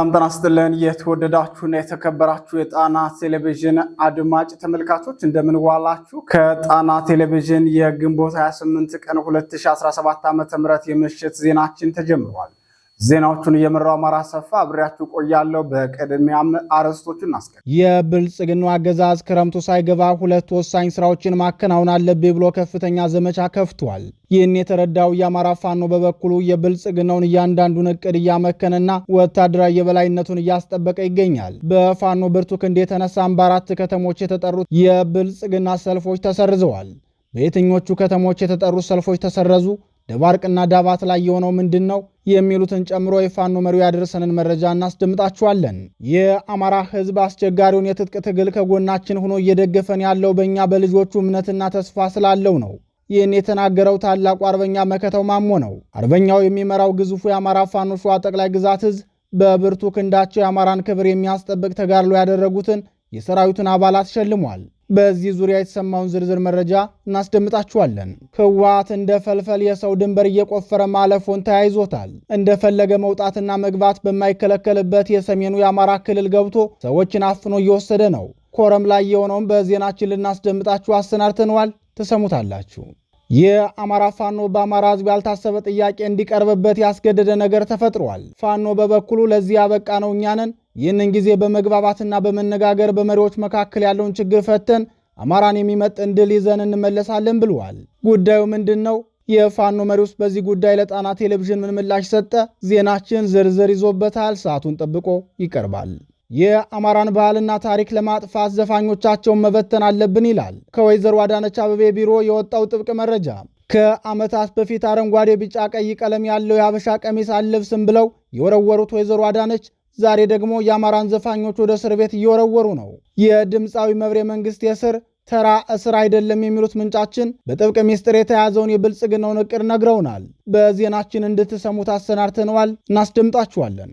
ሰላም ጤና ይስጥልን። የተወደዳችሁና የተከበራችሁ የጣና ቴሌቪዥን አድማጭ ተመልካቾች እንደምንዋላችሁ። ከጣና ቴሌቪዥን የግንቦት 28 ቀን 2017 ዓ.ም የምሽት ዜናችን ተጀምሯል። ዜናዎቹን እየመራው አማራ ሰፋ አብሬያችሁ ቆያለሁ። በቅድሚያም አርዕስቶቹን አስቀድም። የብልጽግናው አገዛዝ ክረምቱ ሳይገባ ሁለት ወሳኝ ስራዎችን ማከናወን አለብኝ ብሎ ከፍተኛ ዘመቻ ከፍቷል። ይህን የተረዳው የአማራ ፋኖ በበኩሉ የብልጽግናውን እያንዳንዱን እቅድ እያመከነና ወታደራዊ የበላይነቱን እያስጠበቀ ይገኛል። በፋኖ ብርቱ ክንድ የተነሳም በአራት ከተሞች የተጠሩት የብልጽግና ሰልፎች ተሰርዘዋል። በየትኞቹ ከተሞች የተጠሩት ሰልፎች ተሰረዙ? ደባርቅና ዳባት ላይ የሆነው ምንድን ነው የሚሉትን ጨምሮ የፋኖ መሪው ያደረሰንን መረጃ እናስደምጣችኋለን። የአማራ ሕዝብ አስቸጋሪውን የትጥቅ ትግል ከጎናችን ሆኖ እየደገፈን ያለው በእኛ በልጆቹ እምነትና ተስፋ ስላለው ነው። ይህን የተናገረው ታላቁ አርበኛ መከተው ማሞ ነው። አርበኛው የሚመራው ግዙፉ የአማራ ፋኖ ሸዋ ጠቅላይ ግዛት እዝ በብርቱ ክንዳቸው የአማራን ክብር የሚያስጠብቅ ተጋድሎ ያደረጉትን የሰራዊቱን አባላት ሸልሟል። በዚህ ዙሪያ የተሰማውን ዝርዝር መረጃ እናስደምጣችኋለን። ህወሓት እንደ ፈልፈል የሰው ድንበር እየቆፈረ ማለፎን ተያይዞታል። እንደፈለገ መውጣትና መግባት በማይከለከልበት የሰሜኑ የአማራ ክልል ገብቶ ሰዎችን አፍኖ እየወሰደ ነው። ኮረም ላይ የሆነውን በዜናችን ልናስደምጣችሁ አሰናድተነዋል። ተሰሙታላችሁ። የአማራ ፋኖ በአማራ ህዝብ ያልታሰበ ጥያቄ እንዲቀርብበት ያስገደደ ነገር ተፈጥሯል። ፋኖ በበኩሉ ለዚህ ያበቃ ነው እኛንን ይህንን ጊዜ በመግባባትና በመነጋገር በመሪዎች መካከል ያለውን ችግር ፈተን አማራን የሚመጥን ድል ይዘን እንመለሳለን ብለዋል። ጉዳዩ ምንድን ነው? የፋኖ ውስጥ በዚህ ጉዳይ ለጣና ቴሌቪዥን ምን ምላሽ ሰጠ? ዜናችን ዝርዝር ይዞበታል። ሰዓቱን ጠብቆ ይቀርባል። የአማራን ባህልና ታሪክ ለማጥፋት ዘፋኞቻቸውን መበተን አለብን ይላል ከወይዘሮ አዳነች አበቤ ቢሮ የወጣው ጥብቅ መረጃ። ከዓመታት በፊት አረንጓዴ፣ ቢጫ፣ ቀይ ቀለም ያለው የሀበሻ ቀሚስ አለብስም ብለው የወረወሩት ወይዘሮ አዳነች ዛሬ ደግሞ የአማራን ዘፋኞች ወደ እስር ቤት እየወረወሩ ነው። የድምፃዊ መብሬ መንግስት የስር ተራ እስር አይደለም የሚሉት ምንጫችን በጥብቅ ሚስጥር የተያዘውን የብልጽግናውን እቅድ ነግረውናል። በዜናችን እንድትሰሙት አሰናድተነዋል። እናስደምጣችኋለን።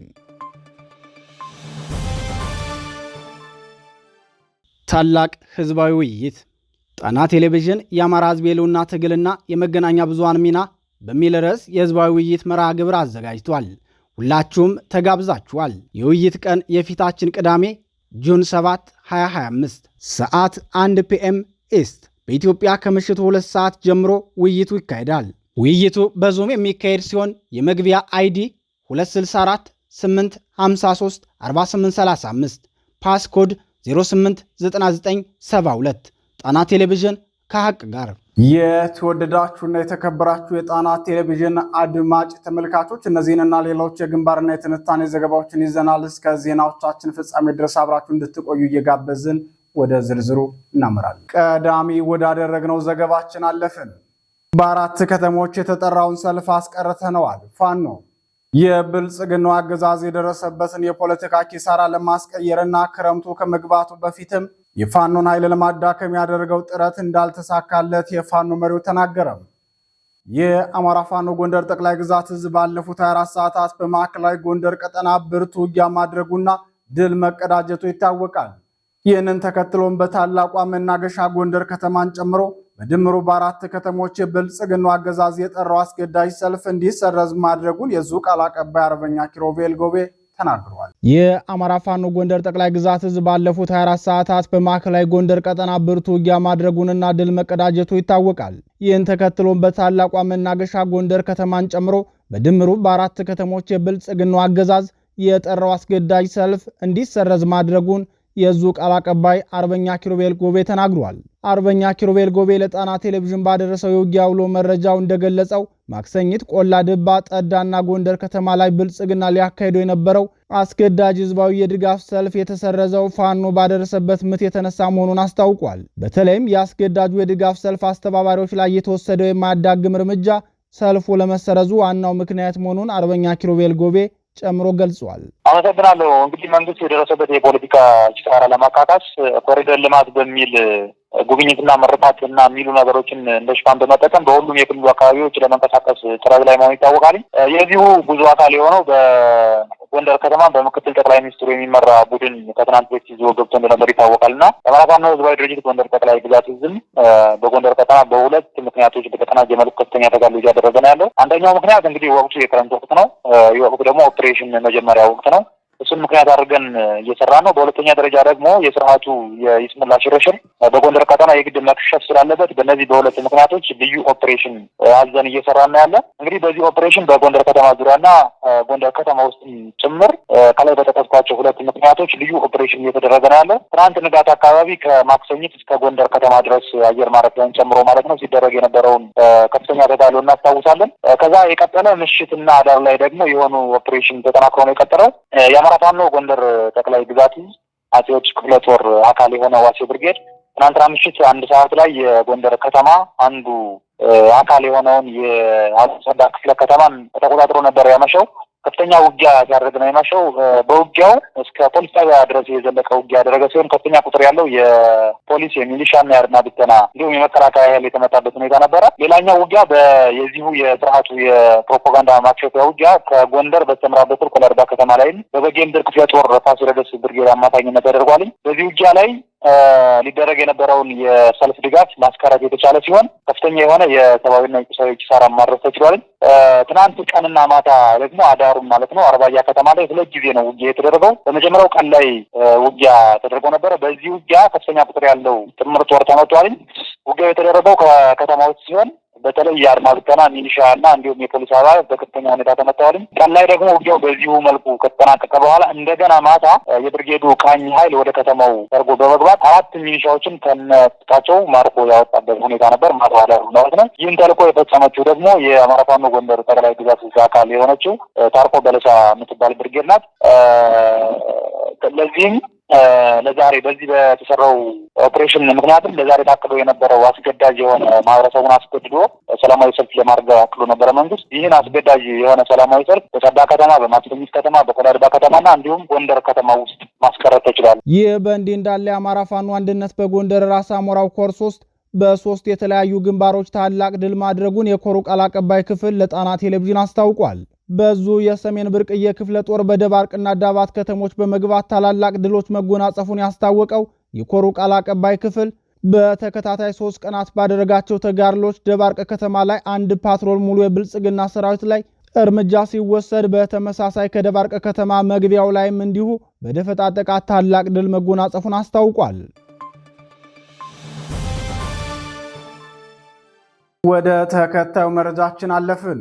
ታላቅ ህዝባዊ ውይይት ጣና ቴሌቪዥን የአማራ ህዝብ የህልውና ትግልና የመገናኛ ብዙሃን ሚና በሚል ርዕስ የህዝባዊ ውይይት መርሃ ግብር አዘጋጅቷል። ሁላችሁም ተጋብዛችኋል። የውይይት ቀን የፊታችን ቅዳሜ ጁን 7 2025 ሰዓት 1 ፒኤም ኢስት በኢትዮጵያ ከምሽቱ 2 ሰዓት ጀምሮ ውይይቱ ይካሄዳል። ውይይቱ በዙም የሚካሄድ ሲሆን የመግቢያ አይዲ 264 853 4835 ፓስኮድ 089972 ጣና ቴሌቪዥን ከሀቅ ጋር። የተወደዳችሁና የተከበራችሁ የጣና ቴሌቪዥን አድማጭ ተመልካቾች እነዚህንና ሌሎች የግንባርና የትንታኔ ዘገባዎችን ይዘናል። እስከ ዜናዎቻችን ፍጻሜ ድረስ አብራችሁ እንድትቆዩ እየጋበዝን ወደ ዝርዝሩ እናመራለን። ቀዳሚ ወዳደረግነው ዘገባችን አለፍን። በአራት ከተሞች የተጠራውን ሰልፍ አስቀርተነዋል። ፋኖ የብልጽግናው አገዛዝ የደረሰበትን የፖለቲካ ኪሳራ ለማስቀየርና ክረምቱ ከመግባቱ በፊትም የፋኖን ኃይል ለማዳከም ያደረገው ጥረት እንዳልተሳካለት የፋኖ መሪው ተናገረ። የአማራ ፋኖ ጎንደር ጠቅላይ ግዛት እዝ ባለፉት 24 ሰዓታት በማዕከላዊ ጎንደር ቀጠና ብርቱ ውጊያ ማድረጉና ድል መቀዳጀቱ ይታወቃል። ይህንን ተከትሎም በታላቋ መናገሻ ጎንደር ከተማን ጨምሮ በድምሩ በአራት ከተሞች የብልጽግናው አገዛዝ የጠራው አስገዳጅ ሰልፍ እንዲሰረዝ ማድረጉን የዙ ቃል አቀባይ አርበኛ ኪሮቬል ጎቤ ተናግረዋል። የአማራ ፋኖ ጎንደር ጠቅላይ ግዛት እዝ ባለፉት 24 ሰዓታት በማዕከላዊ ጎንደር ቀጠና ብርቱ ውጊያ ማድረጉንና ድል መቀዳጀቱ ይታወቃል። ይህን ተከትሎም በታላቋ መናገሻ ጎንደር ከተማን ጨምሮ በድምሩ በአራት ከተሞች የብልጽግናው አገዛዝ የጠራው አስገዳጅ ሰልፍ እንዲሰረዝ ማድረጉን የዙ ቃል አቀባይ አርበኛ ኪሩቤል ጎቤ ተናግሯል። አርበኛ ኪሩቤል ጎቤ ለጣና ቴሌቪዥን ባደረሰው የውጊያ ውሎ መረጃው እንደገለጸው ማክሰኝት ቆላ ድባ፣ ጠዳና ጎንደር ከተማ ላይ ብልጽግና ሊያካሂደው የነበረው አስገዳጅ ህዝባዊ የድጋፍ ሰልፍ የተሰረዘው ፋኖ ባደረሰበት ምት የተነሳ መሆኑን አስታውቋል። በተለይም የአስገዳጁ የድጋፍ ሰልፍ አስተባባሪዎች ላይ የተወሰደው የማያዳግም እርምጃ ሰልፉ ለመሰረዙ ዋናው ምክንያት መሆኑን አርበኛ ኪሩቤል ጎቤ ጨምሮ ገልጿል። አመሰግናለሁ። እንግዲህ መንግስት የደረሰበት የፖለቲካ ኪሳራ ለማካካስ ኮሪደር ልማት በሚል ጉብኝትና ምርቃት እና የሚሉ ነገሮችን እንደ ሽፋን በመጠቀም በሁሉም የክልሉ አካባቢዎች ለመንቀሳቀስ ጥረት ላይ መሆኑ ይታወቃል። የዚሁ ጉዞ አካል የሆነው በጎንደር ከተማ በምክትል ጠቅላይ ሚኒስትሩ የሚመራ ቡድን ከትናንት በፊት ይዞ ገብቶ እንደነበር ይታወቃል እና የአማራ ህዝባዊ ድርጅት ጎንደር ጠቅላይ ግዛት እዝም በጎንደር ከተማ በሁለት ምክንያቶች በተቀናጀ መልኩ ከፍተኛ ተጋድሎ እያደረገ ነው ያለው። አንደኛው ምክንያት እንግዲህ ወቅቱ የክረምት ወቅት ነው። ይህ ወቅት ደግሞ ኦፕሬሽን መጀመሪያ ወቅት ነው። እሱን ምክንያት አድርገን እየሰራ ነው። በሁለተኛ ደረጃ ደግሞ የስርዓቱ የይስሙላ ሽርሽር በጎንደር ቀጠና የግድ መክሸፍ ስላለበት በእነዚህ በሁለት ምክንያቶች ልዩ ኦፕሬሽን አዘን እየሰራ ነው ያለ። እንግዲህ በዚህ ኦፕሬሽን በጎንደር ከተማ ዙሪያና ጎንደር ከተማ ውስጥ ጭምር ከላይ በጠቀስኳቸው ሁለት ምክንያቶች ልዩ ኦፕሬሽን እየተደረገ ነው ያለ። ትናንት ንጋት አካባቢ ከማክሰኝት እስከ ጎንደር ከተማ ድረስ አየር ማረፊያን ጨምሮ ማለት ነው ሲደረግ የነበረውን ከፍተኛ ተጋድሎ እናስታውሳለን። ከዛ የቀጠለ ምሽትና አዳር ላይ ደግሞ የሆኑ ኦፕሬሽን ተጠናክሮ ነው የቀጠለው። አማራ ፋኖ ጎንደር ጠቅላይ ግዛት አጼዎች ክፍለ ጦር አካል የሆነ ዋሴ ብርጌድ ትናንትና ምሽት አንድ ሰዓት ላይ የጎንደር ከተማ አንዱ አካል የሆነውን የአጸዳ ክፍለ ከተማን ተቆጣጥሮ ነበር ያመሸው። ከፍተኛ ውጊያ ያደረግ ነው አይማሸው በውጊያው እስከ ፖሊስ ጣቢያ ድረስ የዘለቀ ውጊያ ያደረገ ሲሆን ከፍተኛ ቁጥር ያለው የፖሊስ የሚሊሻና የአድማ ብተና እንዲሁም የመከላከያ ያህል የተመጣበት ሁኔታ ነበረ። ሌላኛው ውጊያ የዚሁ የስርዓቱ የፕሮፓጋንዳ ማክሸፊያ ውጊያ ከጎንደር በስተምዕራብ በኩል ኮለርባ ከተማ ላይም በበጌምድር ክፍለ ጦር ፋሲለደስ ብርጌድ አማካኝነት ተደርጓልኝ። በዚህ ውጊያ ላይ ሊደረግ የነበረውን የሰልፍ ድጋፍ ማስቀረት የተቻለ ሲሆን ከፍተኛ የሆነ የሰብአዊና የቁሳዊ ኪሳራ ማድረስ ተችሏልኝ። ትናንት ቀንና ማታ ደግሞ አዳ አዳሩን ማለት ነው አርባያ ከተማ ላይ ሁለት ጊዜ ነው ውጊያ የተደረገው። በመጀመሪያው ቀን ላይ ውጊያ ተደርጎ ነበረ። በዚህ ውጊያ ከፍተኛ ቁጥር ያለው ጥምር ጦር ተመቷል። ውጊያው የተደረገው ከከተማዎች ሲሆን በተለይ የአድማ ብተና ሚኒሻ እና እንዲሁም የፖሊስ አባላት በከፍተኛ ሁኔታ ተመተዋል። ቀን ላይ ደግሞ ውጊያው በዚሁ መልኩ ከተጠናቀቀ በኋላ እንደገና ማታ የብርጌዱ ቃኝ ኃይል ወደ ከተማው ሰርጎ በመግባት አራት ሚኒሻዎችን ከነጥቃቸው ማርኮ ያወጣበት ሁኔታ ነበር። ማታ ላይ ማለት ነው። ይህን ተልኮ የፈጸመችው ደግሞ የአማራ ፋኖ ጎንደር ጠቅላይ ግዛት እዛ አካል የሆነችው ታርኮ በለሳ የምትባል ብርጌድ ናት። ለዚህም ለዛሬ በዚህ በተሰራው ኦፕሬሽን ነው። ምክንያቱም ለዛሬ ታቅዶ የነበረው አስገዳጅ የሆነ ማህበረሰቡን አስገድዶ ሰላማዊ ሰልፍ ለማድረግ አክሎ ነበረ መንግስት። ይህን አስገዳጅ የሆነ ሰላማዊ ሰልፍ በጸዳ ከተማ፣ በማክሰኝት ከተማ፣ በቆዳድባ ከተማና እንዲሁም ጎንደር ከተማ ውስጥ ማስቀረት ተችሏል። ይህ በእንዲህ እንዳለ የአማራ ፋኖ አንድነት በጎንደር ራስ አሞራው ኮርስ ውስጥ በሶስት የተለያዩ ግንባሮች ታላቅ ድል ማድረጉን የኮሩ ቃል አቀባይ ክፍል ለጣና ቴሌቪዥን አስታውቋል። በዙ የሰሜን ብርቅዬ ክፍለ ጦር በደባርቅና ዳባት ከተሞች በመግባት ታላላቅ ድሎች መጎናጸፉን ያስታወቀው የኮሩ ቃል አቀባይ ክፍል በተከታታይ ሶስት ቀናት ባደረጋቸው ተጋድሎች ደባርቅ ከተማ ላይ አንድ ፓትሮል ሙሉ የብልጽግና ሰራዊት ላይ እርምጃ ሲወሰድ በተመሳሳይ ከደባርቅ ከተማ መግቢያው ላይም እንዲሁ በደፈጣ ጥቃት ታላቅ ድል መጎናጸፉን አስታውቋል። ወደ ተከታዩ መረጃችን አለፍን።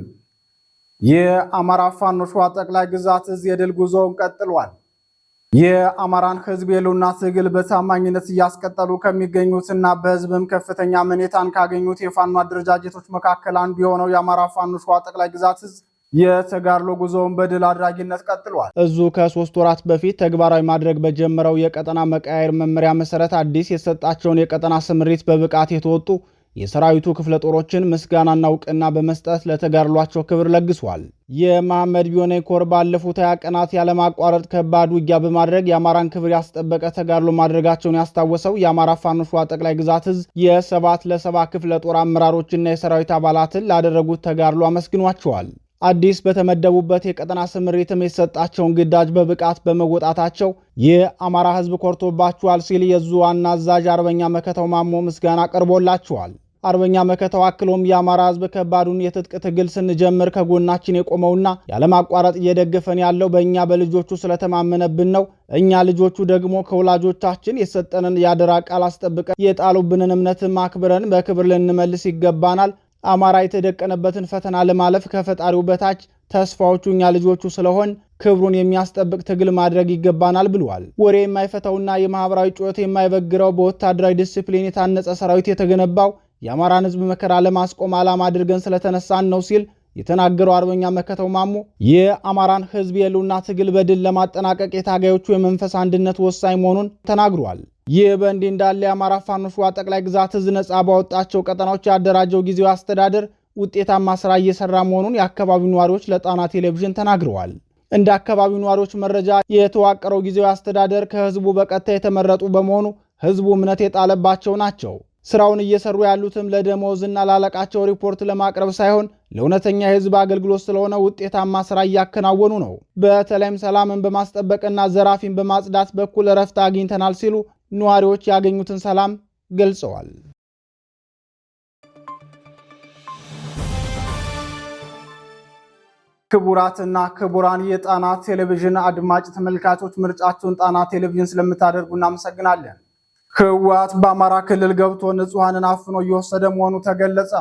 የአማራ ፋኖ ሸዋ ጠቅላይ ግዛት እዝ የድል ጉዞውን ቀጥሏል። የአማራን ሕዝብ የሉና ትግል በታማኝነት እያስቀጠሉ ከሚገኙትና በህዝብም ከፍተኛ መኔታን ካገኙት የፋኖ አደረጃጀቶች መካከል አንዱ የሆነው የአማራ ፋኖ ሸዋ ጠቅላይ ግዛት ህዝብ የተጋድሎ ጉዞውን በድል አድራጊነት ቀጥሏል። እዙ ከሶስት ወራት በፊት ተግባራዊ ማድረግ በጀመረው የቀጠና መቀያየር መመሪያ መሰረት አዲስ የተሰጣቸውን የቀጠና ስምሪት በብቃት የተወጡ የሰራዊቱ ክፍለ ጦሮችን ምስጋናና እውቅና በመስጠት ለተጋድሏቸው ክብር ለግሷል። የመሐመድ ቢዮኔ ኮር ባለፉት ሀያ ቀናት ያለማቋረጥ ከባድ ውጊያ በማድረግ የአማራን ክብር ያስጠበቀ ተጋድሎ ማድረጋቸውን ያስታወሰው የአማራ ፋኖ ሸዋ ጠቅላይ ግዛት እዝ የሰባት ለሰባ ክፍለ ጦር አመራሮችና የሰራዊት አባላትን ላደረጉት ተጋድሎ አመስግኗቸዋል። አዲስ በተመደቡበት የቀጠና ስምሪትም የተሰጣቸውን ግዳጅ በብቃት በመወጣታቸው የአማራ ሕዝብ ኮርቶባችኋል ሲል የዙ ዋና አዛዥ አርበኛ መከተው ማሞ ምስጋና ቀርቦላቸዋል። አርበኛ መከተው አክሎም የአማራ ህዝብ ከባዱን የትጥቅ ትግል ስንጀምር ከጎናችን የቆመውና ያለማቋረጥ እየደገፈን ያለው በእኛ በልጆቹ ስለተማመነብን ነው። እኛ ልጆቹ ደግሞ ከወላጆቻችን የሰጠንን የአደራ ቃል አስጠብቀን የጣሉብንን እምነት አክብረን በክብር ልንመልስ ይገባናል። አማራ የተደቀነበትን ፈተና ለማለፍ ከፈጣሪው በታች ተስፋዎቹ እኛ ልጆቹ ስለሆን ክብሩን የሚያስጠብቅ ትግል ማድረግ ይገባናል ብለዋል። ወሬ የማይፈታውና የማህበራዊ ጩኸት የማይበግረው በወታደራዊ ዲስፕሊን የታነጸ ሰራዊት የተገነባው የአማራን ህዝብ መከራ ለማስቆም ዓላማ አድርገን ስለተነሳን ነው ሲል የተናገረው አርበኛ መከተው ማሞ የአማራን ህዝብ የህልውና ትግል በድል ለማጠናቀቅ የታጋዮቹ የመንፈስ አንድነት ወሳኝ መሆኑን ተናግሯል። ይህ በእንዲህ እንዳለ የአማራ ፋኖ ሸዋ ጠቅላይ ግዛት እዝ ነጻ ባወጣቸው ቀጠናዎች ያደራጀው ጊዜው አስተዳደር ውጤታማ ስራ እየሰራ መሆኑን የአካባቢው ነዋሪዎች ለጣና ቴሌቪዥን ተናግረዋል። እንደ አካባቢው ነዋሪዎች መረጃ የተዋቀረው ጊዜያዊ አስተዳደር ከህዝቡ በቀጥታ የተመረጡ በመሆኑ ህዝቡ እምነት የጣለባቸው ናቸው። ስራውን እየሰሩ ያሉትም ለደሞዝና ላለቃቸው ሪፖርት ለማቅረብ ሳይሆን ለእውነተኛ የህዝብ አገልግሎት ስለሆነ ውጤታማ ስራ እያከናወኑ ነው። በተለይም ሰላምን በማስጠበቅና ዘራፊን በማጽዳት በኩል እረፍት አግኝተናል ሲሉ ነዋሪዎች ያገኙትን ሰላም ገልጸዋል። ክቡራትና ክቡራን የጣና ቴሌቪዥን አድማጭ ተመልካቾች ምርጫችሁን ጣና ቴሌቪዥን ስለምታደርጉ እናመሰግናለን። ህወሓት በአማራ ክልል ገብቶ ንጹሐንን አፍኖ እየወሰደ መሆኑ ተገለጸ።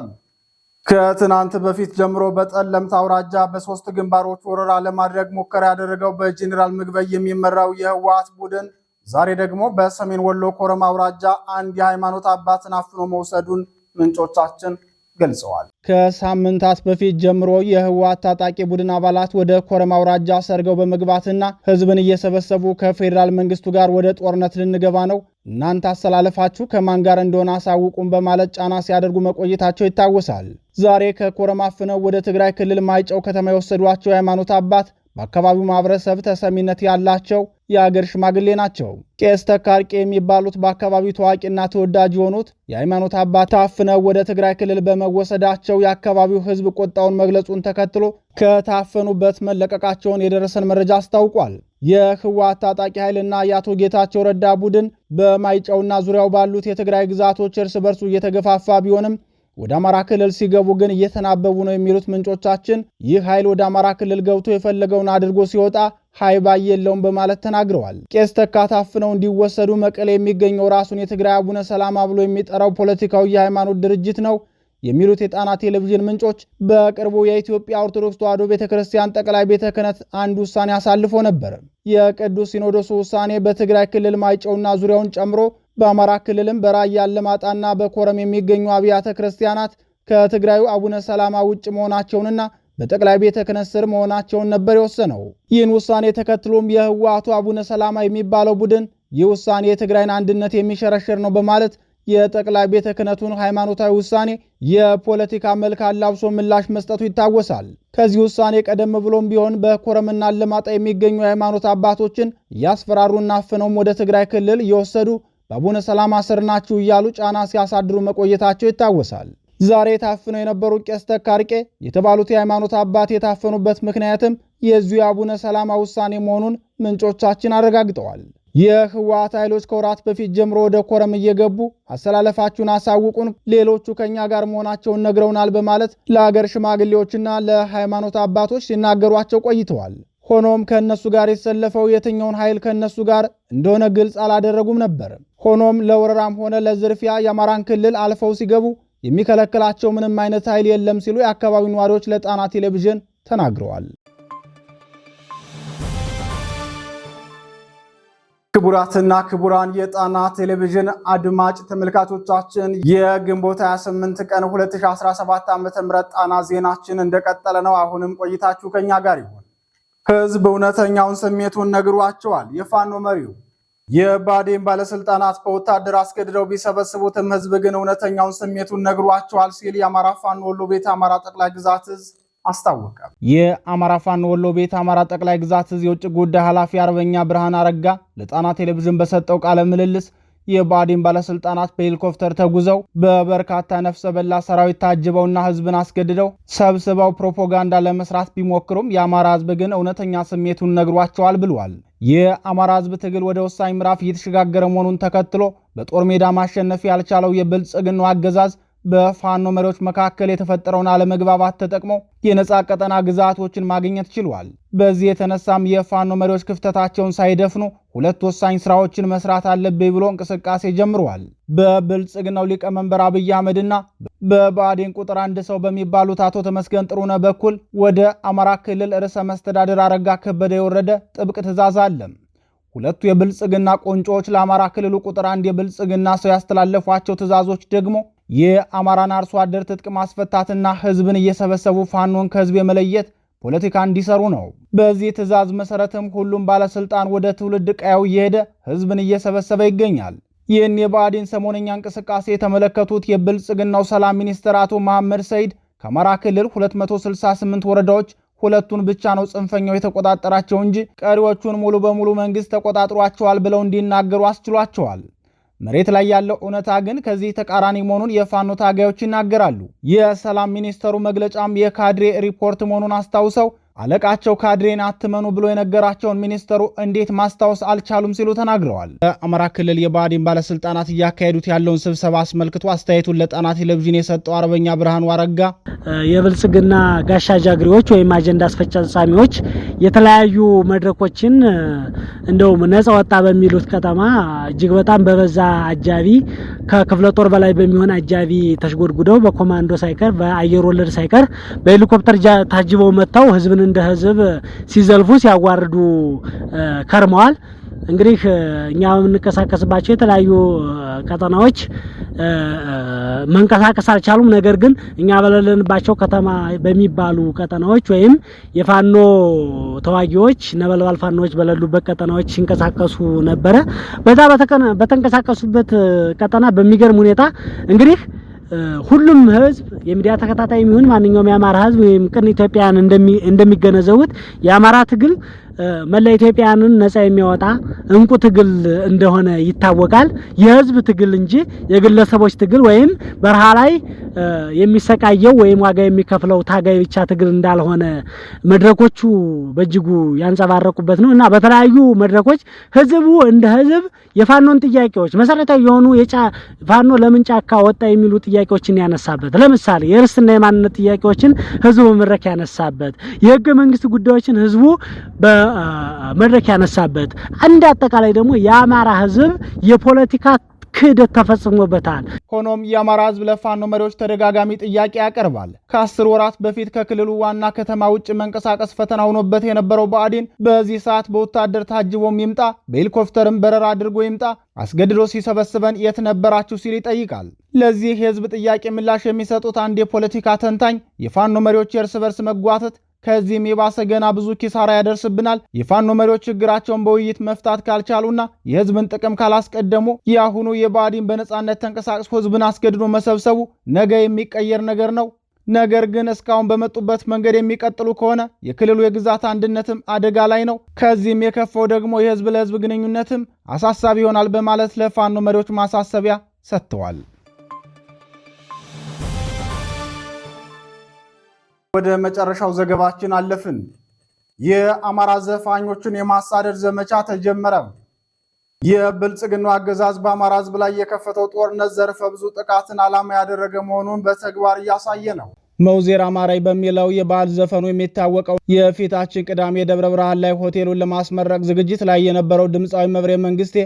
ከትናንት በፊት ጀምሮ በጠለምት አውራጃ በሶስት ግንባሮች ወረራ ለማድረግ ሙከራ ያደረገው በጄኔራል ምግበይ የሚመራው የህወሓት ቡድን ዛሬ ደግሞ በሰሜን ወሎ ኮረማ አውራጃ አንድ የሃይማኖት አባትን አፍኖ መውሰዱን ምንጮቻችን ገልጸዋል። ከሳምንታት በፊት ጀምሮ የህወሓት ታጣቂ ቡድን አባላት ወደ ኮረማ አውራጃ ሰርገው በመግባትና ህዝብን እየሰበሰቡ ከፌዴራል መንግስቱ ጋር ወደ ጦርነት ልንገባ ነው፣ እናንተ አሰላለፋችሁ ከማን ጋር እንደሆነ አሳውቁም በማለት ጫና ሲያደርጉ መቆየታቸው ይታወሳል። ዛሬ ከኮረማ አፍነው ወደ ትግራይ ክልል ማይጨው ከተማ የወሰዷቸው የሃይማኖት አባት በአካባቢው ማህበረሰብ ተሰሚነት ያላቸው የአገር ሽማግሌ ናቸው። ቄስ ተካርቄ የሚባሉት በአካባቢው ታዋቂና ተወዳጅ የሆኑት የሃይማኖት አባት ታፍነው ወደ ትግራይ ክልል በመወሰዳቸው የአካባቢው ሕዝብ ቁጣውን መግለጹን ተከትሎ ከታፈኑበት መለቀቃቸውን የደረሰን መረጃ አስታውቋል። የህወሓት ታጣቂ ኃይልና የአቶ ጌታቸው ረዳ ቡድን በማይጨውና ዙሪያው ባሉት የትግራይ ግዛቶች እርስ በርሱ እየተገፋፋ ቢሆንም ወደ አማራ ክልል ሲገቡ ግን እየተናበቡ ነው የሚሉት ምንጮቻችን፣ ይህ ኃይል ወደ አማራ ክልል ገብቶ የፈለገውን አድርጎ ሲወጣ ሀይባይ የለውም በማለት ተናግረዋል። ቄስ ተካ ታፍነው እንዲወሰዱ መቀሌ የሚገኘው ራሱን የትግራይ አቡነ ሰላማ ብሎ የሚጠራው ፖለቲካዊ የሃይማኖት ድርጅት ነው የሚሉት የጣና ቴሌቪዥን ምንጮች በቅርቡ የኢትዮጵያ ኦርቶዶክስ ተዋሕዶ ቤተ ክርስቲያን ጠቅላይ ቤተ ክህነት አንድ ውሳኔ አሳልፎ ነበር። የቅዱስ ሲኖዶሱ ውሳኔ በትግራይ ክልል ማይጨውና ዙሪያውን ጨምሮ በአማራ ክልልም በራያ አላማጣና በኮረም የሚገኙ አብያተ ክርስቲያናት ከትግራዩ አቡነ ሰላማ ውጭ መሆናቸውንና በጠቅላይ ቤተ ክህነት ስር መሆናቸውን ነበር የወሰነው። ይህን ውሳኔ ተከትሎም የህወሓቱ አቡነ ሰላማ የሚባለው ቡድን ይህ ውሳኔ የትግራይን አንድነት የሚሸረሽር ነው በማለት የጠቅላይ ቤተ ክህነቱን ሃይማኖታዊ ውሳኔ የፖለቲካ መልክ አላብሶ ምላሽ መስጠቱ ይታወሳል። ከዚህ ውሳኔ ቀደም ብሎም ቢሆን በኮረምና አላማጣ የሚገኙ ሃይማኖት አባቶችን እያስፈራሩና አፍነውም ወደ ትግራይ ክልል እየወሰዱ በአቡነ ሰላማ ስር ናችሁ እያሉ ጫና ሲያሳድሩ መቆየታቸው ይታወሳል። ዛሬ ታፍነው የነበሩ ቄስ ተካርቄ የተባሉት የሃይማኖት አባት የታፈኑበት ምክንያትም የዚሁ የአቡነ ሰላማ ውሳኔ መሆኑን ምንጮቻችን አረጋግጠዋል። የህወሓት ኃይሎች ከወራት በፊት ጀምሮ ወደ ኮረም እየገቡ አሰላለፋችሁን አሳውቁን፣ ሌሎቹ ከእኛ ጋር መሆናቸውን ነግረውናል በማለት ለአገር ሽማግሌዎችና ለሃይማኖት አባቶች ሲናገሯቸው ቆይተዋል። ሆኖም ከእነሱ ጋር የተሰለፈው የትኛውን ኃይል ከእነሱ ጋር እንደሆነ ግልጽ አላደረጉም ነበር። ሆኖም ለወረራም ሆነ ለዝርፊያ የአማራን ክልል አልፈው ሲገቡ የሚከለክላቸው ምንም አይነት ኃይል የለም ሲሉ የአካባቢው ነዋሪዎች ለጣና ቴሌቪዥን ተናግረዋል። ክቡራትና ክቡራን የጣና ቴሌቪዥን አድማጭ ተመልካቾቻችን የግንቦት 28 ቀን 2017 ዓ.ም ጣና ዜናችን እንደቀጠለ ነው። አሁንም ቆይታችሁ ከኛ ጋር ይሁን። ህዝብ እውነተኛውን ስሜቱን ነግሯቸዋል። የፋኖ መሪው የባዴን ባለስልጣናት በወታደር አስገድደው ቢሰበስቡትም ህዝብ ግን እውነተኛውን ስሜቱን ነግሯቸዋል ሲል የአማራ ፋኖ ወሎ ቤት አማራ ጠቅላይ ግዛት እዝ አስታወቀ። የአማራ ፋኖ ወሎ ቤት አማራ ጠቅላይ ግዛት እዝ የውጭ ጉዳይ ኃላፊ አርበኛ ብርሃን አረጋ ለጣና ቴሌቪዥን በሰጠው ቃለ ምልልስ የባዲን ባለስልጣናት በሄሊኮፕተር ተጉዘው በበርካታ ነፍሰ በላ ሰራዊት ታጅበውና ህዝብን አስገድደው ሰብስበው ፕሮፓጋንዳ ለመስራት ቢሞክሩም የአማራ ህዝብ ግን እውነተኛ ስሜቱን ነግሯቸዋል ብሏል። የአማራ ህዝብ ትግል ወደ ወሳኝ ምዕራፍ እየተሸጋገረ መሆኑን ተከትሎ በጦር ሜዳ ማሸነፍ ያልቻለው የብልጽግናው አገዛዝ በፋኖ መሪዎች መካከል የተፈጠረውን አለመግባባት ተጠቅሞ የነጻ ቀጠና ግዛቶችን ማግኘት ችሏል። በዚህ የተነሳም የፋኖ መሪዎች ክፍተታቸውን ሳይደፍኑ ሁለት ወሳኝ ስራዎችን መስራት አለብኝ ብሎ እንቅስቃሴ ጀምረዋል። በብልጽግናው ሊቀመንበር አብይ አህመድና በባዴን ቁጥር አንድ ሰው በሚባሉት አቶ ተመስገን ጥሩነህ በኩል ወደ አማራ ክልል ርዕሰ መስተዳድር አረጋ ከበደ የወረደ ጥብቅ ትዕዛዝ አለ። ሁለቱ የብልጽግና ቆንጮዎች ለአማራ ክልሉ ቁጥር አንድ የብልጽግና ሰው ያስተላለፏቸው ትዕዛዞች ደግሞ የአማራን አርሶ አደር ትጥቅ ማስፈታትና ህዝብን እየሰበሰቡ ፋኖን ከህዝብ የመለየት ፖለቲካ እንዲሰሩ ነው። በዚህ ትዕዛዝ መሰረትም ሁሉም ባለስልጣን ወደ ትውልድ ቀያው እየሄደ ህዝብን እየሰበሰበ ይገኛል። ይህን የብአዴን ሰሞነኛ እንቅስቃሴ የተመለከቱት የብልጽግናው ሰላም ሚኒስትር አቶ መሐመድ ሰይድ ከአማራ ክልል 268 ወረዳዎች ሁለቱን ብቻ ነው ጽንፈኛው የተቆጣጠራቸው እንጂ ቀሪዎቹን ሙሉ በሙሉ መንግስት ተቆጣጥሯቸዋል ብለው እንዲናገሩ አስችሏቸዋል። መሬት ላይ ያለው እውነታ ግን ከዚህ ተቃራኒ መሆኑን የፋኖ ታጋዮች ይናገራሉ። የሰላም ሚኒስተሩ መግለጫም የካድሬ ሪፖርት መሆኑን አስታውሰው አለቃቸው ካድሬን አትመኑ ብሎ የነገራቸውን ሚኒስተሩ እንዴት ማስታወስ አልቻሉም ሲሉ ተናግረዋል። በአማራ ክልል የባዲን ባለስልጣናት እያካሄዱት ያለውን ስብሰባ አስመልክቶ አስተያየቱን ለጣና ቴሌቪዥን የሰጠው አርበኛ ብርሃኑ አረጋ የብልጽግና ጋሻ ጃግሬዎች ወይም አጀንዳ አስፈጻሚዎች የተለያዩ መድረኮችን እንደውም ነጻ ወጣ በሚሉት ከተማ እጅግ በጣም በበዛ አጃቢ ከክፍለ ጦር በላይ በሚሆን አጃቢ ተሽጎድጉደው በኮማንዶ ሳይቀር በአየር ወለድ ሳይቀር በሄሊኮፕተር ታጅበው መጥተው ህዝብን እንደ ህዝብ ሲዘልፉ ሲያዋርዱ ከርመዋል። እንግዲህ እኛ የምንቀሳቀስባቸው የተለያዩ ቀጠናዎች መንቀሳቀስ አልቻሉም። ነገር ግን እኛ በለለንባቸው ከተማ በሚባሉ ቀጠናዎች ወይም የፋኖ ተዋጊዎች ነበልባል ፋኖዎች በለሉበት ቀጠናዎች ሲንቀሳቀሱ ነበረ። በዛ በተንቀሳቀሱበት ቀጠና በሚገርም ሁኔታ እንግዲህ ሁሉም ህዝብ የሚዲያ ተከታታይ የሚሆን ማንኛውም የአማራ ህዝብ ወይም ቅን ኢትዮጵያን እንደሚገነዘቡት የአማራ ትግል መላ ኢትዮጵያንን ነጻ የሚያወጣ እንቁ ትግል እንደሆነ ይታወቃል። የህዝብ ትግል እንጂ የግለሰቦች ትግል ወይም በረሃ ላይ የሚሰቃየው ወይም ዋጋ የሚከፍለው ታጋይ ብቻ ትግል እንዳልሆነ መድረኮቹ በእጅጉ ያንጸባረቁበት ነው እና በተለያዩ መድረኮች ህዝቡ እንደ ህዝብ የፋኖን ጥያቄዎች መሰረታዊ የሆኑ ፋኖ ለምን ጫካ ወጣ የሚሉ ጥያቄዎችን ያነሳበት፣ ለምሳሌ የርስትና የማንነት ጥያቄዎችን ህዝቡ በመድረክ ያነሳበት፣ የህገ መንግስት ጉዳዮችን ህዝቡ መድረክ ያነሳበት እንደ አጠቃላይ ደግሞ የአማራ ህዝብ የፖለቲካ ክህደት ተፈጽሞበታል። ሆኖም የአማራ ህዝብ ለፋኖ መሪዎች ተደጋጋሚ ጥያቄ ያቀርባል። ከአስር ወራት በፊት ከክልሉ ዋና ከተማ ውጭ መንቀሳቀስ ፈተና ሆኖበት የነበረው ብአዴን በዚህ ሰዓት በወታደር ታጅቦም ይምጣ በሄሊኮፕተርም በረራ አድርጎ ይምጣ አስገድዶ ሲሰበስበን የት ነበራችሁ ሲል ይጠይቃል። ለዚህ የህዝብ ጥያቄ ምላሽ የሚሰጡት አንድ የፖለቲካ ተንታኝ የፋኖ መሪዎች የእርስ በርስ መጓተት ከዚህም የባሰ ገና ብዙ ኪሳራ ያደርስብናል። የፋኖ መሪዎች ችግራቸውን በውይይት መፍታት ካልቻሉና የህዝብን ጥቅም ካላስቀደሙ የአሁኑ የባዲን በነጻነት ተንቀሳቅሶ ህዝብን አስገድዶ መሰብሰቡ ነገ የሚቀየር ነገር ነው። ነገር ግን እስካሁን በመጡበት መንገድ የሚቀጥሉ ከሆነ የክልሉ የግዛት አንድነትም አደጋ ላይ ነው። ከዚህም የከፋው ደግሞ የህዝብ ለህዝብ ግንኙነትም አሳሳቢ ይሆናል በማለት ለፋኖ መሪዎች ማሳሰቢያ ሰጥተዋል። ወደ መጨረሻው ዘገባችን አለፍን። የአማራ ዘፋኞችን የማሳደድ ዘመቻ ተጀመረ። የብልጽግናው አገዛዝ በአማራ ሕዝብ ላይ የከፈተው ጦርነት ዘርፈ ብዙ ጥቃትን ዓላማ ያደረገ መሆኑን በተግባር እያሳየ ነው። መውዜር አማራይ በሚለው የባህል ዘፈኑ የሚታወቀው የፊታችን ቅዳሜ ደብረ ብርሃን ላይ ሆቴሉን ለማስመረቅ ዝግጅት ላይ የነበረው ድምፃዊ መብሬ መንግስቴ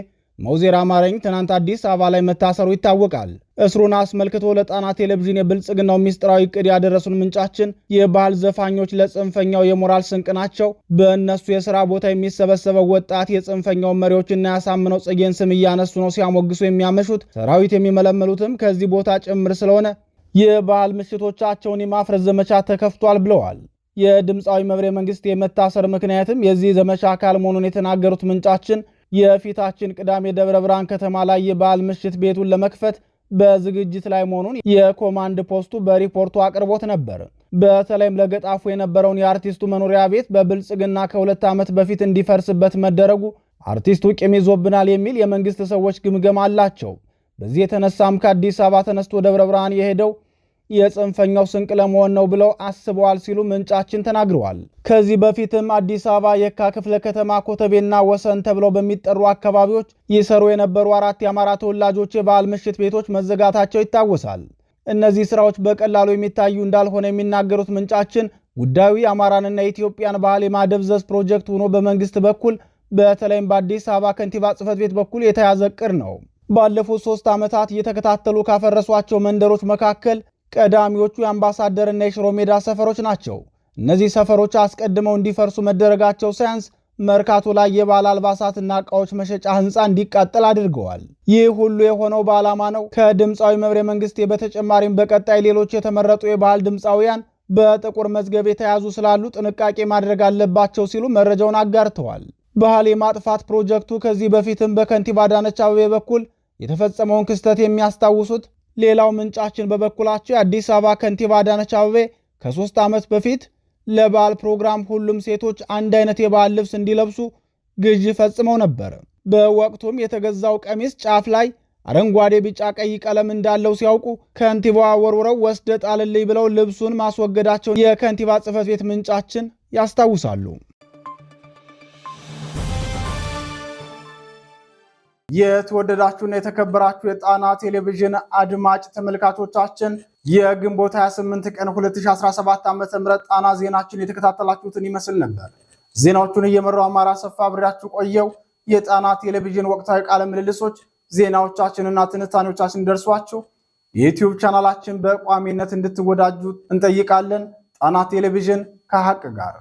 መውዜር አማረኝ ትናንት አዲስ አበባ ላይ መታሰሩ ይታወቃል። እስሩን አስመልክቶ ለጣና ቴሌቪዥን የብልጽግናው ምስጢራዊ እቅድ ያደረሱን ምንጫችን የባህል ዘፋኞች ለጽንፈኛው የሞራል ስንቅ ናቸው፣ በእነሱ የሥራ ቦታ የሚሰበሰበው ወጣት የጽንፈኛውን መሪዎችና ያሳምነው ጽጌን ስም እያነሱ ነው ሲያሞግሱ የሚያመሹት ሰራዊት የሚመለመሉትም ከዚህ ቦታ ጭምር ስለሆነ የባህል ምሽቶቻቸውን የማፍረስ ዘመቻ ተከፍቷል ብለዋል። የድምፃዊ መብሬ መንግስት የመታሰር ምክንያትም የዚህ ዘመቻ አካል መሆኑን የተናገሩት ምንጫችን የፊታችን ቅዳሜ ደብረ ብርሃን ከተማ ላይ የበዓል ምሽት ቤቱን ለመክፈት በዝግጅት ላይ መሆኑን የኮማንድ ፖስቱ በሪፖርቱ አቅርቦት ነበር። በተለይም ለገጣፉ የነበረውን የአርቲስቱ መኖሪያ ቤት በብልጽግና ከሁለት ዓመት በፊት እንዲፈርስበት መደረጉ አርቲስቱ ቂም ይዞብናል የሚል የመንግስት ሰዎች ግምገማ አላቸው። በዚህ የተነሳም ከአዲስ አበባ ተነስቶ ደብረ ብርሃን የሄደው የጽንፈኛው ስንቅ ለመሆን ነው ብለው አስበዋል ሲሉ ምንጫችን ተናግረዋል። ከዚህ በፊትም አዲስ አበባ የካ ክፍለ ከተማ ኮተቤና ወሰን ተብለው በሚጠሩ አካባቢዎች ይሰሩ የነበሩ አራት የአማራ ተወላጆች የበዓል ምሽት ቤቶች መዘጋታቸው ይታወሳል። እነዚህ ስራዎች በቀላሉ የሚታዩ እንዳልሆነ የሚናገሩት ምንጫችን ጉዳዩ የአማራንና የኢትዮጵያን ባህል የማደብዘዝ ፕሮጀክት ሆኖ በመንግስት በኩል በተለይም በአዲስ አበባ ከንቲባ ጽህፈት ቤት በኩል የተያዘ እቅድ ነው። ባለፉት ሶስት ዓመታት እየተከታተሉ ካፈረሷቸው መንደሮች መካከል ቀዳሚዎቹ የአምባሳደርና የሽሮ ሜዳ ሰፈሮች ናቸው። እነዚህ ሰፈሮች አስቀድመው እንዲፈርሱ መደረጋቸው ሳያንስ መርካቶ ላይ የባለ አልባሳትና እቃዎች መሸጫ ህንፃ እንዲቃጠል አድርገዋል። ይህ ሁሉ የሆነው በዓላማ ነው። ከድምፃዊ መብሬ መንግስቴ በተጨማሪም በቀጣይ ሌሎች የተመረጡ የባህል ድምፃውያን በጥቁር መዝገብ የተያዙ ስላሉ ጥንቃቄ ማድረግ አለባቸው ሲሉ መረጃውን አጋርተዋል። ባህል የማጥፋት ፕሮጀክቱ ከዚህ በፊትም በከንቲባ አዳነች አበቤ በኩል የተፈጸመውን ክስተት የሚያስታውሱት ሌላው ምንጫችን በበኩላቸው የአዲስ አበባ ከንቲባ አዳነች አበቤ ከሶስት ዓመት በፊት ለበዓል ፕሮግራም ሁሉም ሴቶች አንድ አይነት የበዓል ልብስ እንዲለብሱ ግዢ ፈጽመው ነበር። በወቅቱም የተገዛው ቀሚስ ጫፍ ላይ አረንጓዴ፣ ቢጫ፣ ቀይ ቀለም እንዳለው ሲያውቁ ከንቲባዋ ወርውረው ወስደ ጣልልኝ ብለው ልብሱን ማስወገዳቸውን የከንቲባ ጽሕፈት ቤት ምንጫችን ያስታውሳሉ። የተወደዳችሁና የተከበራችሁ የጣና ቴሌቪዥን አድማጭ ተመልካቾቻችን የግንቦት 28 ቀን 2017 ዓ ም ጣና ዜናችን የተከታተላችሁትን ይመስል ነበር። ዜናዎቹን እየመራው አማራ ሰፋ አብሬያችሁ ቆየው። የጣና ቴሌቪዥን ወቅታዊ ቃለ ምልልሶች፣ ዜናዎቻችንና ትንታኔዎቻችን ደርሷችሁ የዩትዩብ ቻናላችን በቋሚነት እንድትወዳጁ እንጠይቃለን። ጣና ቴሌቪዥን ከሀቅ ጋር